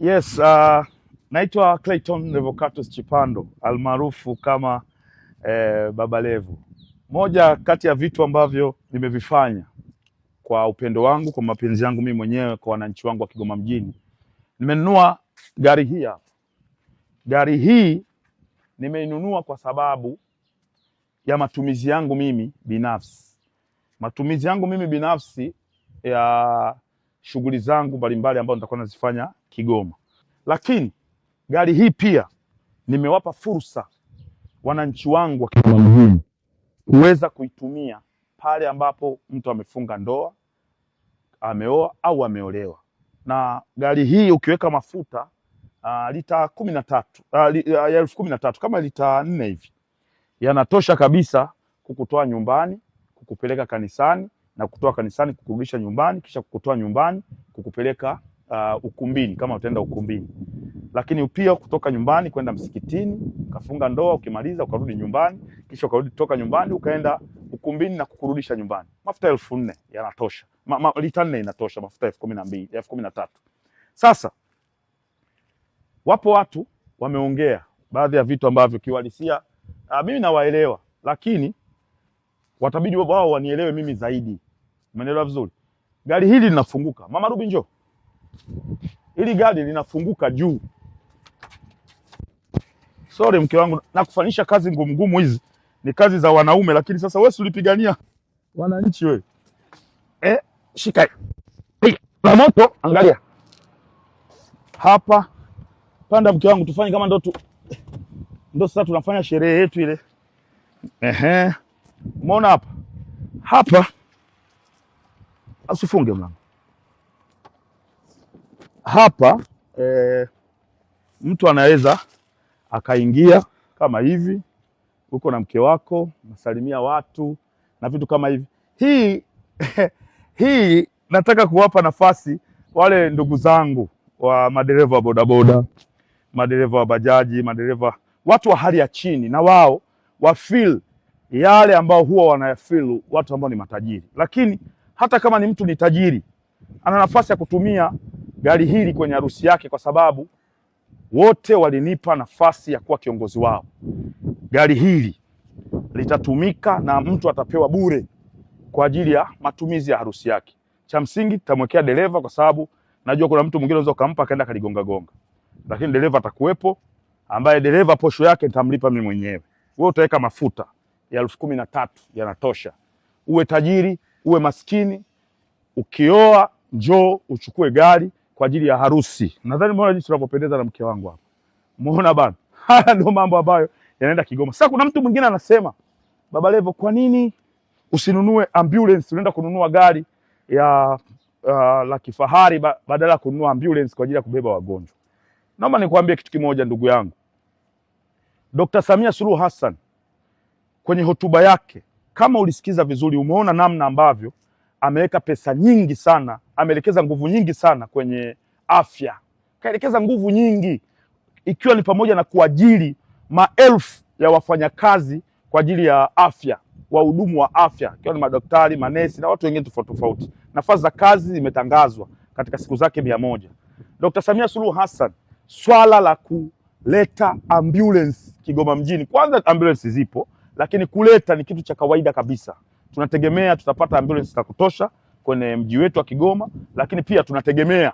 Yes, uh, naitwa Clayton Revocatus Chipando almaarufu kama eh, Baba Levo. Moja kati ya vitu ambavyo nimevifanya kwa upendo wangu, kwa mapenzi yangu mimi mwenyewe kwa wananchi wangu wa Kigoma mjini, nimenunua gari hii hapa. Gari hii nimeinunua kwa sababu ya matumizi yangu mimi binafsi, matumizi yangu mimi binafsi ya shughuli zangu mbalimbali ambazo nitakuwa nazifanya Kigoma. Lakini gari hii pia nimewapa fursa wananchi wangu wa Kigoma mjini kuweza kuitumia pale ambapo mtu amefunga ndoa, ameoa au ameolewa. Na gari hii ukiweka mafuta uh, lita kumi na tatu uh, li, uh, elfu kumi na tatu kama lita nne hivi yanatosha kabisa kukutoa nyumbani kukupeleka kanisani na kutoa kanisani kukurudisha nyumbani kisha kukutoa nyumbani kukupeleka uh, ukumbini kama utaenda ukumbini, lakini pia kutoka nyumbani kwenda msikitini, ukafunga ndoa, ukimaliza ukarudi nyumbani, kisha ukarudi toka nyumbani ukaenda ukumbini na kukurudisha nyumbani, mafuta elfu nne yanatosha ma, ma, lita nne inatosha mafuta elfu kumi na mbili elfu kumi na tatu Sasa wapo watu wameongea baadhi ya vitu ambavyo kiuhalisia uh, mimi nawaelewa, lakini watabidi wao wanielewe mimi zaidi. Umeelewa vizuri? Gari hili linafunguka. Mama Rubi, njoo. Hili gari linafunguka juu. Sorry mke wangu, nakufanisha kazi ngumu ngumu, hizi ni kazi za wanaume, lakini sasa wewe ulipigania wananchi wewe. Eh, shika la moto, angalia hapa, panda mke wangu, tufanye kama ndo tu ndo sasa tunafanya sherehe yetu ile. Ehe, umeona hapa hapa, asifunge mlango hapa e, mtu anaweza akaingia kama hivi, uko na mke wako, nasalimia watu na vitu kama hivi. Hii hii nataka kuwapa nafasi wale ndugu zangu wa madereva wa bodaboda, madereva wa bajaji, madereva watu wa hali ya chini, na wao feel yale ambao huwa wanayafeel watu ambao ni matajiri. Lakini hata kama ni mtu ni tajiri, ana nafasi ya kutumia gari hili kwenye harusi yake, kwa sababu wote walinipa nafasi ya kuwa kiongozi wao. Gari hili litatumika na mtu atapewa bure kwa ajili ya matumizi ya harusi yake. Cha msingi tamwekea dereva, kwa sababu najua kuna mtu mwingine anaweza kumpa akaenda kaligonga gonga, lakini dereva atakuwepo, ambaye dereva posho yake nitamlipa mimi mwenyewe. Wewe utaweka mafuta ya elfu kumi na tatu yanatosha. Uwe tajiri uwe maskini, ukioa njoo uchukue gari kwa ajili ya harusi. Nadhani mbona jinsi tunavyopendeza na mke wangu hapa. Muona bana. Haya ndio mambo ambayo yanaenda Kigoma. Sasa kuna mtu mwingine anasema, Baba Levo, kwa nini usinunue ambulance? Unaenda kununua gari ya uh, la kifahari ba, badala ya kununua ambulance kwa ajili ya kubeba wagonjwa. Naomba nikwambie kitu kimoja ndugu yangu. Dr. Samia Suluhu Hassan kwenye hotuba yake, kama ulisikiza vizuri, umeona namna ambavyo ameweka pesa nyingi sana ameelekeza nguvu nyingi sana kwenye afya, kaelekeza nguvu nyingi, ikiwa ni pamoja na kuajiri maelfu ya wafanyakazi kwa ajili ya afya, wahudumu wa afya, ikiwa ni madaktari, manesi na watu wengine tofauti tofauti. Nafasi za kazi zimetangazwa katika siku zake mia moja. Dr. Samia Suluhu Hassan, swala la kuleta ambulance Kigoma mjini, kwanza ambulance zipo, lakini kuleta ni kitu cha kawaida kabisa. Tunategemea tutapata ambulance za kutosha kwenye mji wetu wa Kigoma, lakini pia tunategemea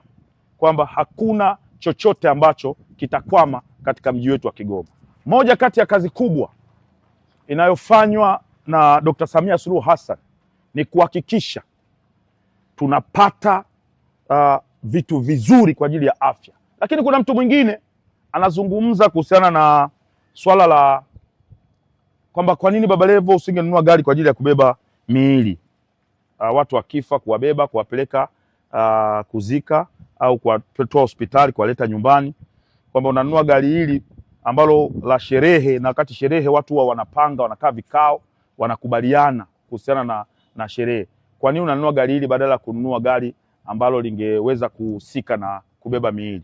kwamba hakuna chochote ambacho kitakwama katika mji wetu wa Kigoma. Moja kati ya kazi kubwa inayofanywa na Dr. Samia Suluhu Hassan ni kuhakikisha tunapata uh, vitu vizuri kwa ajili ya afya. Lakini kuna mtu mwingine anazungumza kuhusiana na swala la kwamba kwa nini Baba Levo usingenunua gari kwa ajili ya kubeba miili uh, watu wakifa kuwabeba kuwapeleka uh, kuzika au kuwatoa hospitali kuwaleta nyumbani, kwamba unanunua gari hili ambalo la sherehe, na wakati sherehe watu huwa wanapanga, wanakaa vikao, wanakubaliana kuhusiana na, na sherehe. Kwa nini unanunua gari hili badala ya kununua gari ambalo lingeweza kuhusika na kubeba miili?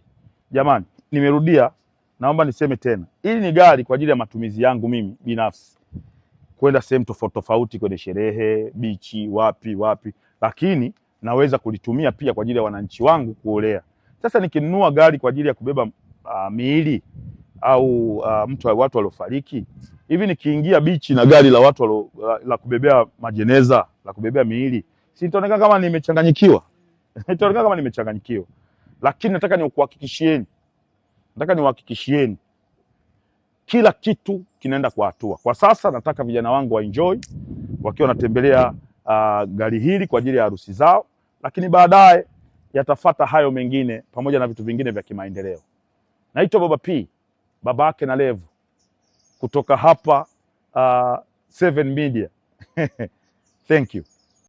Jamani, nimerudia, naomba niseme tena, hili ni gari kwa ajili ya matumizi yangu mimi binafsi kwenda sehemu tofauti tofauti, kwenye sherehe, bichi, wapi wapi, lakini naweza kulitumia pia kwa ajili ya wananchi wangu kuolea. Sasa nikinunua gari kwa ajili ya kubeba uh, miili au uh, mtu wa watu waliofariki hivi, nikiingia bichi na gari la watu walo, la, ah, la kubebea majeneza la kubebea miili, si nitaonekana kama nimechanganyikiwa? nitaonekana kama nimechanganyikiwa, lakini nataka niuhakikishieni, nataka niwahakikishieni kila kitu kinaenda kwa hatua. Kwa sasa nataka vijana wangu wa enjoy wakiwa wanatembelea uh, gari hili kwa ajili ya harusi zao, lakini baadaye yatafata hayo mengine pamoja na vitu vingine vya kimaendeleo. Naitwa Baba P, baba yake na Levu kutoka hapa uh, Seven Media. Thank you.